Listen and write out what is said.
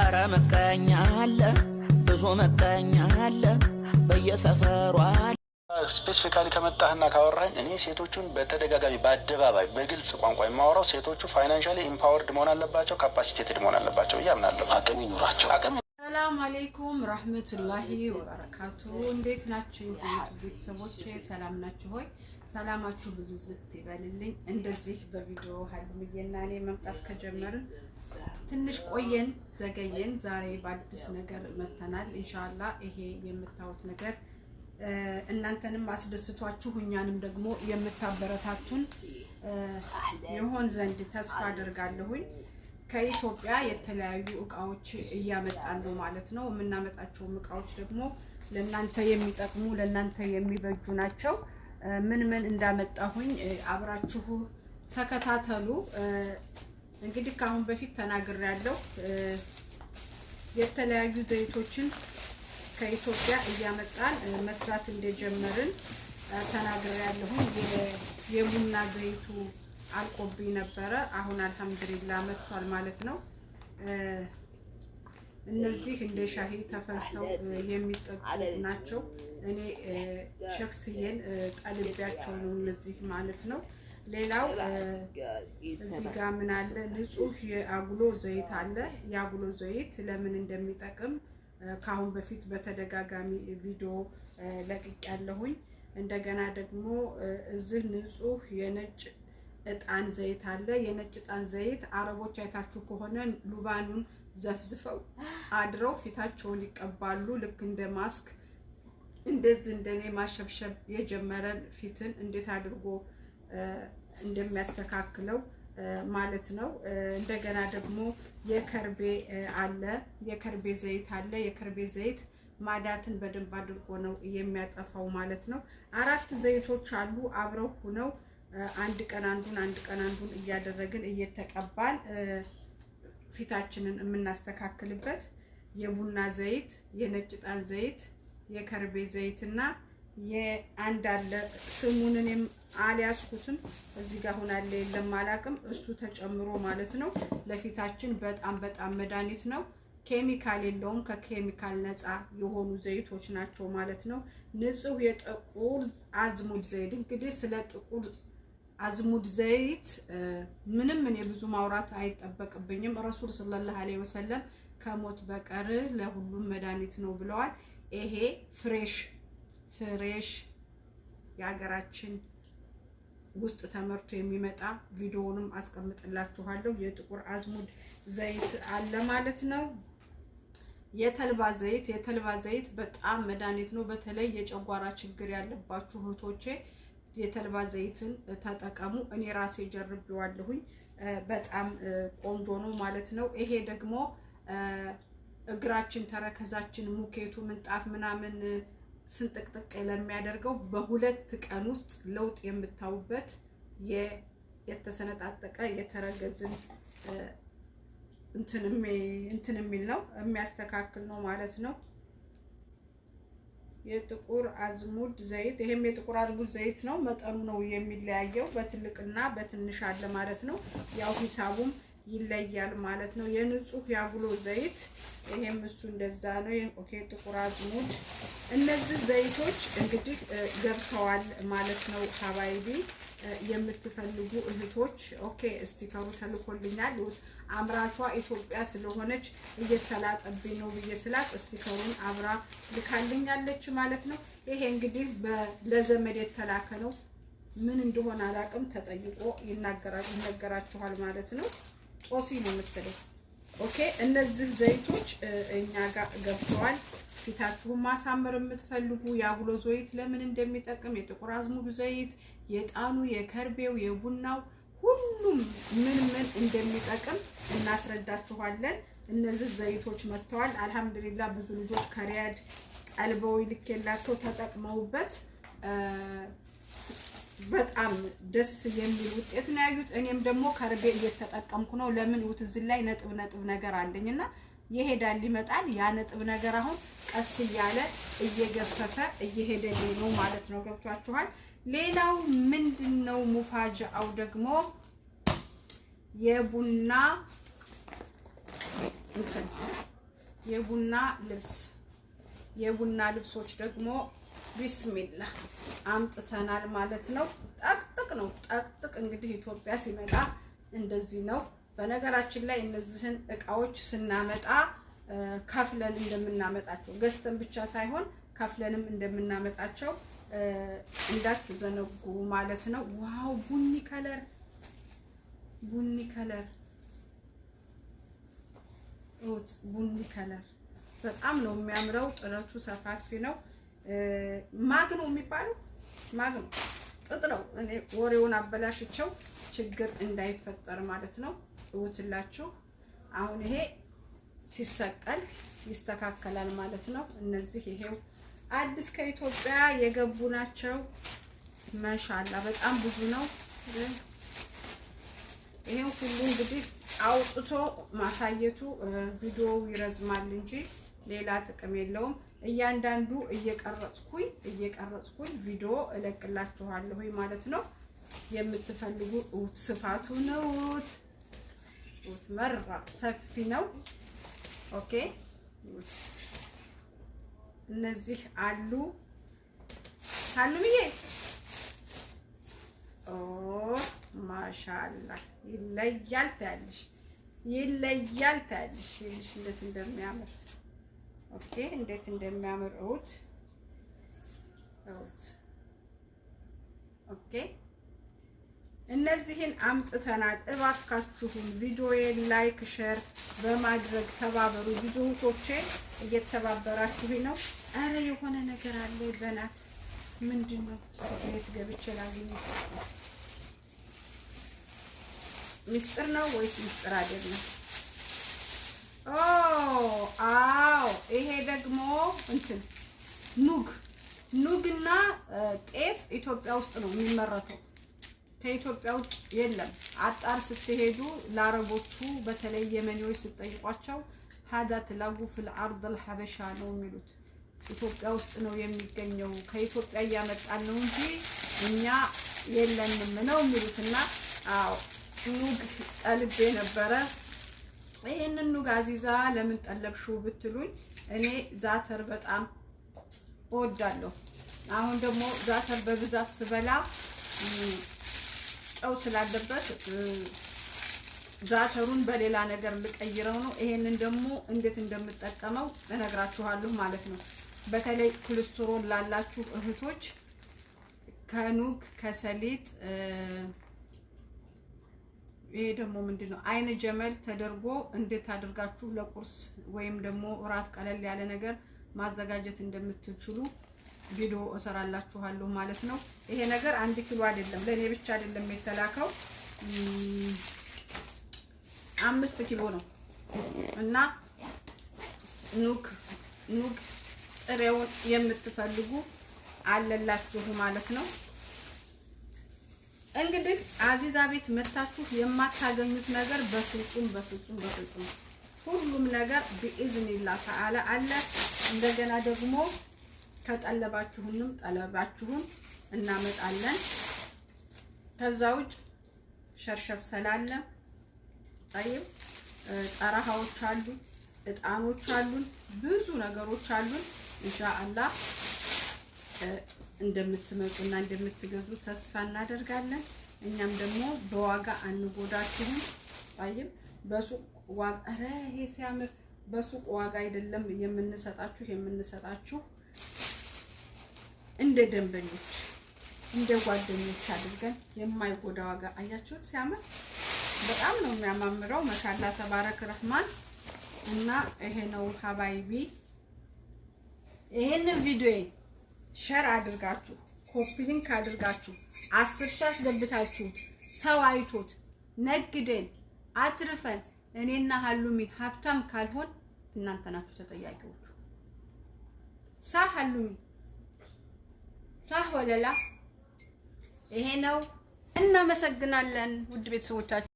አረ መቀኛ አለ፣ ብዙ መቀኛ አለ በየሰፈሯ። ስፔሲፊካሊ ከመጣህና ካወራኝ እኔ ሴቶቹን በተደጋጋሚ በአደባባይ በግልጽ ቋንቋ የማወራው ሴቶቹ ፋይናንሻሊ ኢምፓወርድ መሆን አለባቸው፣ ካፓሲቴትድ መሆን አለባቸው እያምናለሁ። አቅም ይኑራቸው። ሰላም አሌይኩም ረህመቱላሂ ወበረካቱ። እንዴት ናችሁ ቤተሰቦች? ሰላም ናችሁ ሆይ? ሰላማችሁ ብዝዝት ይበልልኝ። እንደዚህ በቪዲዮ ሀልምዬና እኔ መምጣት ከጀመርን ትንሽ ቆየን ዘገየን። ዛሬ በአዲስ ነገር መተናል። እንሻላ ይሄ የምታዩት ነገር እናንተንም አስደስቷችሁ እኛንም ደግሞ የምታበረታቱን የሆን ዘንድ ተስፋ አደርጋለሁኝ። ከኢትዮጵያ የተለያዩ እቃዎች እያመጣን ነው ማለት ነው። የምናመጣቸውም እቃዎች ደግሞ ለእናንተ የሚጠቅሙ ለእናንተ የሚበጁ ናቸው። ምን ምን እንዳመጣሁኝ አብራችሁ ተከታተሉ። እንግዲህ ከአሁን በፊት ተናግሬያለሁ። የተለያዩ ዘይቶችን ከኢትዮጵያ እያመጣን መስራት እንደጀመርን ያለሁን የቡና ዘይቱ አልቆብኝ ነበረ። አሁን አልሐምዱሊላ መጥቷል ማለት ነው። እነዚህ እንደ ሻሂ ተፈልተው የሚጠጡ ናቸው። እኔ ሸክስዬን ጠልቤያቸው ነው እነዚህ ማለት ነው። ሌላው እዚህ ጋር ምን አለ? ንጹህ የአጉሎ ዘይት አለ። የአጉሎ ዘይት ለምን እንደሚጠቅም ከአሁን በፊት በተደጋጋሚ ቪዲዮ ለቅቅ ያለሁኝ። እንደገና ደግሞ እዚህ ንጹህ የነጭ እጣን ዘይት አለ። የነጭ እጣን ዘይት አረቦች አይታችሁ ከሆነ ሉባኑን ዘፍዝፈው አድረው ፊታቸውን ይቀባሉ። ልክ እንደ ማስክ እንደዚህ እንደኔ ማሸብሸብ የጀመረን ፊትን እንዴት አድርጎ እንደሚያስተካክለው ማለት ነው። እንደገና ደግሞ የከርቤ አለ፣ የከርቤ ዘይት አለ። የከርቤ ዘይት ማዳትን በደንብ አድርጎ ነው የሚያጠፋው ማለት ነው። አራት ዘይቶች አሉ አብረው ሁነው አንድ ቀን አንዱን አንድ ቀን አንዱን እያደረግን እየተቀባን ፊታችንን የምናስተካክልበት የቡና ዘይት፣ የነጭ ጣን ዘይት፣ የከርቤ ዘይትና እና የአንዳለ አለ ስሙን እኔም አልያዝኩትም እዚህ ጋር አሁን አለ የለም አላውቅም። እሱ ተጨምሮ ማለት ነው ለፊታችን በጣም በጣም መድኃኒት ነው። ኬሚካል የለውም። ከኬሚካል ነፃ የሆኑ ዘይቶች ናቸው ማለት ነው። ንጹህ የጥቁር አዝሙድ ዘይት እንግዲህ ስለ ጥቁር አዝሙድ ዘይት ምንም እኔ ብዙ ማውራት አይጠበቅብኝም። ረሱል ሰለላሁ ዐለይሂ ወሰለም ከሞት በቀር ለሁሉም መድኃኒት ነው ብለዋል። ይሄ ፍሬሽ ፍሬሽ የሀገራችን ውስጥ ተመርቶ የሚመጣ ቪዲዮውንም አስቀምጥላችኋለሁ። የጥቁር አዝሙድ ዘይት አለ ማለት ነው። የተልባ ዘይት የተልባ ዘይት በጣም መድኃኒት ነው። በተለይ የጨጓራ ችግር ያለባችሁ እህቶቼ የተልባ ዘይትን ተጠቀሙ። እኔ ራሴ ጀርቤዋለሁኝ። በጣም ቆንጆ ነው ማለት ነው። ይሄ ደግሞ እግራችን፣ ተረከዛችን፣ ሙኬቱ፣ ምንጣፍ ምናምን ስንጥቅጥቅ ለሚያደርገው በሁለት ቀን ውስጥ ለውጥ የምታዩበት የተሰነጣጠቀ የተረገዝን እንትን የሚል ነው የሚያስተካክል ነው ማለት ነው። የጥቁር አዝሙድ ዘይት ይሄም የጥቁር አዝሙድ ዘይት ነው። መጠኑ ነው የሚለያየው፣ በትልቅና በትንሽ አለ ማለት ነው። ያው ሂሳቡም ይለያል ማለት ነው። የንጹህ ያጉሎ ዘይት ይሄም እሱ እንደዛ ነው። ኦኬ፣ ጥቁር አዝሙድ። እነዚህ ዘይቶች እንግዲህ ገብተዋል ማለት ነው። ሀባይቢ የምትፈልጉ እህቶች ኦኬ፣ ስቲከሩ ተልኮልኛል። አምራቿ ኢትዮጵያ ስለሆነች እየተላጠብኝ ነው ብዬ ስላት ስቲከሩን አብራ ልካልኛለች ማለት ነው። ይሄ እንግዲህ ለዘመድ የተላከ ነው። ምን እንደሆነ አላቅም። ተጠይቆ ይነገራችኋል ማለት ነው። ጦሲ ነው መሰለኝ። ኦኬ እነዚህ ዘይቶች እኛ ጋር ገብተዋል። ፊታችሁን ማሳመር የምትፈልጉ የአጉሎ ዘይት ለምን እንደሚጠቅም የጥቁር አዝሙድ ዘይት፣ የጣኑ፣ የከርቤው፣ የቡናው ሁሉም ምን ምን እንደሚጠቅም እናስረዳችኋለን። እነዚህ ዘይቶች መጥተዋል። አልሐምዱሊላ ብዙ ልጆች ከሪያድ ጠልበው ልኬላቸው ተጠቅመውበት በጣም ደስ የሚል ውጤት ነው ያዩት። እኔም ደግሞ ከርቤ እየተጠቀምኩ ነው። ለምን ይሁት ላይ ነጥብ ነጥብ ነገር አለኝና ይሄዳል ይመጣል። ያ ነጥብ ነገር አሁን ቀስ እያለ እየገፈፈ እየሄደ ነው ማለት ነው። ገብቷችኋል? ሌላው ምንድን ነው ሙፋጃው ደግሞ የቡና እንትን የቡና ልብስ የቡና ልብሶች ደግሞ ቢስሚላ አምጥተናል ማለት ነው። ጠቅጥቅ ነው ጠቅጥቅ። እንግዲህ ኢትዮጵያ ሲመጣ እንደዚህ ነው። በነገራችን ላይ እነዚህን እቃዎች ስናመጣ ከፍለን እንደምናመጣቸው ገዝተን ብቻ ሳይሆን ከፍለንም እንደምናመጣቸው እንዳትዘነጉ ማለት ነው። ዋው ቡኒ ከለር ቡኒ ከለር ቡኒ ከለር በጣም ነው የሚያምረው። ጥረቱ ሰፋፊ ነው። ማግኖ የሚባለው ማግኖ ጥጥ ነው። እኔ ወሬውን አበላሽቸው ችግር እንዳይፈጠር ማለት ነው። እውትላችሁ አሁን ይሄ ሲሰቀል ይስተካከላል ማለት ነው። እነዚህ ይሄው አዲስ ከኢትዮጵያ የገቡ ናቸው። መሻላ በጣም ብዙ ነው። ይሄው ሁሉ እንግዲህ አውጥቶ ማሳየቱ ቪዲዮው ይረዝማል እንጂ ሌላ ጥቅም የለውም። እያንዳንዱ እየቀረጽኩኝ እየቀረጽኩኝ ቪዲዮ እለቅላችኋለሁ ማለት ነው። የምትፈልጉ ኡት ስፋቱ ነው። ኡት መራ ሰፊ ነው። ኦኬ እነዚህ አሉ አሉ ብዬ ኦ ማሻአላ ይለያል ታያለሽ፣ ይለያል ታያለሽ፣ ይኸውልሽ እንዴት እንደሚያምር ኦኬ እንዴት እንደሚያምር እውት ኦኬ እነዚህን አምጥተናል። እባካችሁን ቪዲዮዬን ላይክ ሸር በማድረግ ተባበሩ። ብዙ እህቶቼ እየተባበራችሁ ነው። አረ የሆነ ነገር አለ በናት ምንድን ነው? ስት ገብቼ ላገኝ ሚስጥር ነው ወይስ ሚስጥር አይደለም? Oh, አዎ ይሄ ደግሞ እንትን ኑግ ኑግ እና ጤፍ ኢትዮጵያ ውስጥ ነው የሚመረተው። ከኢትዮጵያ ውጭ የለም። አጣር ስትሄዱ ለአረቦቹ በተለይ የመኔዎች ስትጠይቋቸው ሀዳ ትላጉ ፊል አርደል ሀበሻ ነው የሚሉት። ኢትዮጵያ ውስጥ ነው የሚገኘው፣ ከኢትዮጵያ እያመጣን ነው እንጂ እኛ የለንም ነው የሚሉት እና አዎ ኑግ ጠልቤ ነበረ። ይህንኑ ጋዚዛ ለምን ጠለብሽው ብትሉኝ እኔ ዛተር በጣም እወዳለሁ። አሁን ደግሞ ዛተር በብዛት ስበላ ጨው ስላለበት ዛተሩን በሌላ ነገር ልቀይረው ነው። ይሄንን ደግሞ እንዴት እንደምጠቀመው እነግራችኋለሁ ማለት ነው። በተለይ ኮሌስትሮል ላላችሁ እህቶች ከኑግ ከሰሊጥ ይሄ ደግሞ ምንድን ነው? አይን ጀመል ተደርጎ እንዴት አድርጋችሁ ለቁርስ ወይም ደግሞ እራት ቀለል ያለ ነገር ማዘጋጀት እንደምትችሉ ቪዲዮ እሰራላችኋለሁ ማለት ነው። ይሄ ነገር አንድ ኪሎ አይደለም፣ ለእኔ ብቻ አይደለም የተላከው አምስት ኪሎ ነው እና ኑግ ኑግ ጥሬውን የምትፈልጉ አለላችሁ ማለት ነው። እንግዲህ አዚዛ ቤት መታችሁ የማታገኙት ነገር በፍጹም በፍጹም በፍጹም ሁሉም ነገር ቢኢዝኒላ ተዓላ አለ። እንደገና ደግሞ ከጠለባችሁንም ጠለባችሁን እናመጣለን። ከዛ ውጭ ሸርሸፍ ሰላለ ጠይብ ጠረሃዎች አሉ፣ እጣኖች አሉን፣ ብዙ ነገሮች አሉን ኢንሻአላህ እንደምትመጡና እንደምትገዙ ተስፋ እናደርጋለን። እኛም ደግሞ በዋጋ አንጎዳችሁም። አይም በሱቅ ዋጋ ኧረ ይሄ ሲያምር በሱቅ ዋጋ አይደለም የምንሰጣችሁ የምንሰጣችሁ እንደ ደንበኞች እንደ ጓደኞች አድርገን የማይጎዳ ዋጋ አያችሁት። ሲያምር በጣም ነው የሚያማምረው። መሻላ ተባረክ ረህማን እና ይሄ ነው ሀባይቢ ይሄንን ቪዲዮ ሸር አድርጋችሁ ኮፒ ሊንክ አድርጋችሁ አስር ሺህ አስገብታችሁት ሰው አይቶት ነግደን አትርፈን እኔና ሀሉሚ ሀብታም ካልሆን እናንተ ናችሁ ተጠያቂዎቹ። ሳህ ሀሉሚ ሳ ወለላ ይሄ ነው። እናመሰግናለን ውድ ቤተሰቦቻችን።